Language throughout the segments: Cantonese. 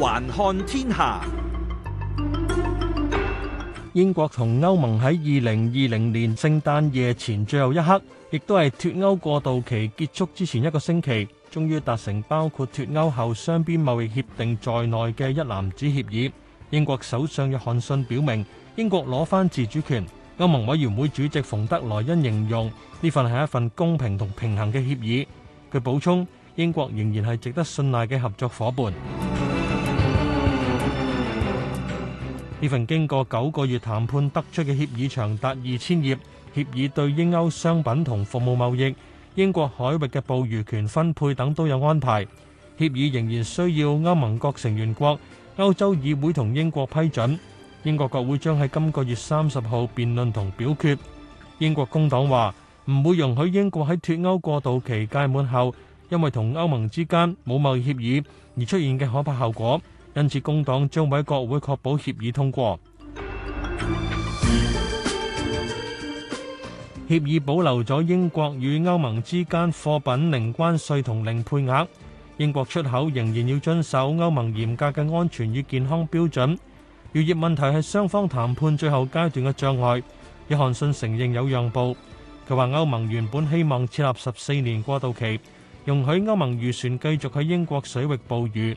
環看天下，英國同歐盟喺二零二零年聖誕夜前最後一刻，亦都係脱歐過渡期結束之前一個星期，終於達成包括脱歐後雙邊貿易協定在內嘅一籃子協議。英國首相約翰遜表明，英國攞翻自主權。歐盟委員會主席馮德萊恩形容，呢份係一份公平同平衡嘅協議。佢補充，英國仍然係值得信賴嘅合作伙伴。呢份經過九個月談判得出嘅協議長達二千頁，協議對英歐商品同服務貿易、英國海域嘅捕魚權分配等都有安排。協議仍然需要歐盟各成員國、歐洲議會同英國批准。英國國會將喺今個月三十號辯論同表決。英國工黨話唔會容許英國喺脱歐過渡期屆滿後，因為同歐盟之間冇貿易協議而出現嘅可怕後果。因此，工黨將會喺國會確保協議通過。協議保留咗英國與歐盟之間貨品零關稅同零配額。英國出口仍然要遵守歐盟嚴格嘅安全與健康標準。漁業問題係雙方談判最後階段嘅障礙。約翰遜承認有讓步。佢話歐盟原本希望設立十四年過渡期，容許歐盟漁船繼續喺英國水域捕魚。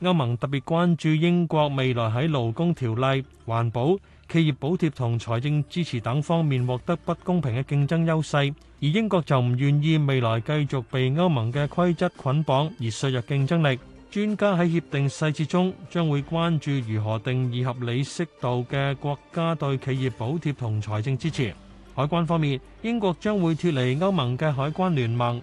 歐盟特別關注英國未來喺勞工條例、環保、企業補貼同財政支持等方面獲得不公平嘅競爭優勢，而英國就唔願意未來繼續被歐盟嘅規則捆綁而削弱競爭力。專家喺協定細節中將會關注如何定義合理適度嘅國家對企業補貼同財政支持。海關方面，英國將會脫離歐盟嘅海關聯盟。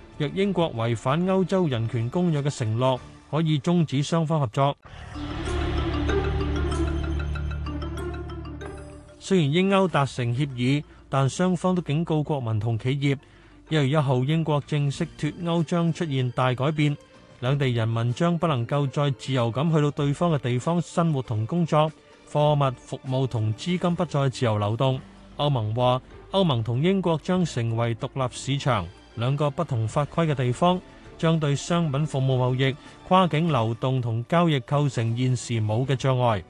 若英國違反歐洲人權公約嘅承諾，可以終止雙方合作。雖然英歐達成協議，但雙方都警告國民同企業。一月一號英國正式脫歐將出現大改變，兩地人民將不能夠再自由咁去到對方嘅地方生活同工作，貨物、服務同資金不再自由流動。歐盟話，歐盟同英國將成為獨立市場。兩個不同法規嘅地方，將對商品服務貿易、跨境流動同交易構成現時冇嘅障礙。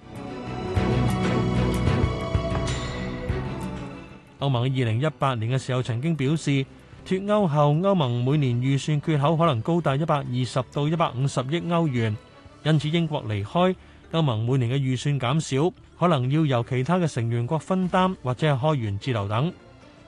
歐盟喺二零一八年嘅時候曾經表示，脫歐後歐盟每年預算缺口可能高達一百二十到一百五十億歐元。因此，英國離開歐盟，每年嘅預算減少，可能要由其他嘅成員國分擔，或者係開源節流等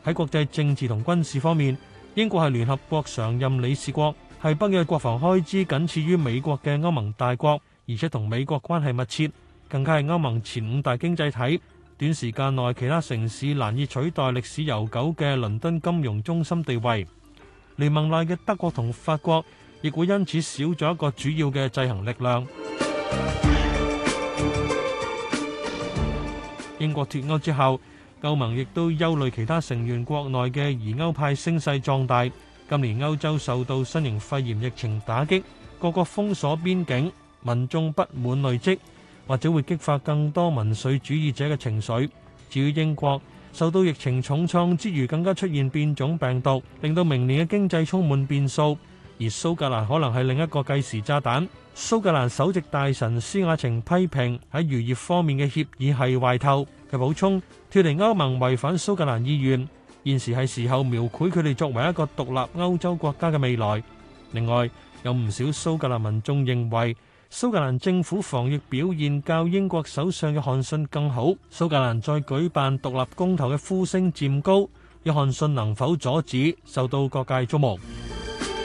喺國際政治同軍事方面。英國係聯合國常任理事國，係北約國防開支僅次於美國嘅歐盟大國，而且同美國關係密切，更加係歐盟前五大經濟體。短時間內，其他城市難以取代歷史悠久嘅倫敦金融中心地位。聯盟內嘅德國同法國亦會因此少咗一個主要嘅制衡力量。英國脱歐之後。歐盟亦都憂慮其他成員國內嘅疑歐派聲勢壯大。今年歐洲受到新型肺炎疫情打擊，各國封鎖邊境，民眾不滿累積，或者會激發更多民粹主義者嘅情緒。至於英國，受到疫情重創之餘，更加出現變種病毒，令到明年嘅經濟充滿變數。而蘇格蘭可能係另一個計時炸彈。蘇格蘭首席大臣施雅晴批評喺漁業方面嘅協議係壞透，佢補充，脫離歐盟違反蘇格蘭意願。現時係時候描繪佢哋作為一個獨立歐洲國家嘅未來。另外，有唔少蘇格蘭民眾認為蘇格蘭政府防疫表現較英國首相嘅約翰遜更好。蘇格蘭再舉辦獨立公投嘅呼聲漸高，約翰遜能否阻止受到各界注目。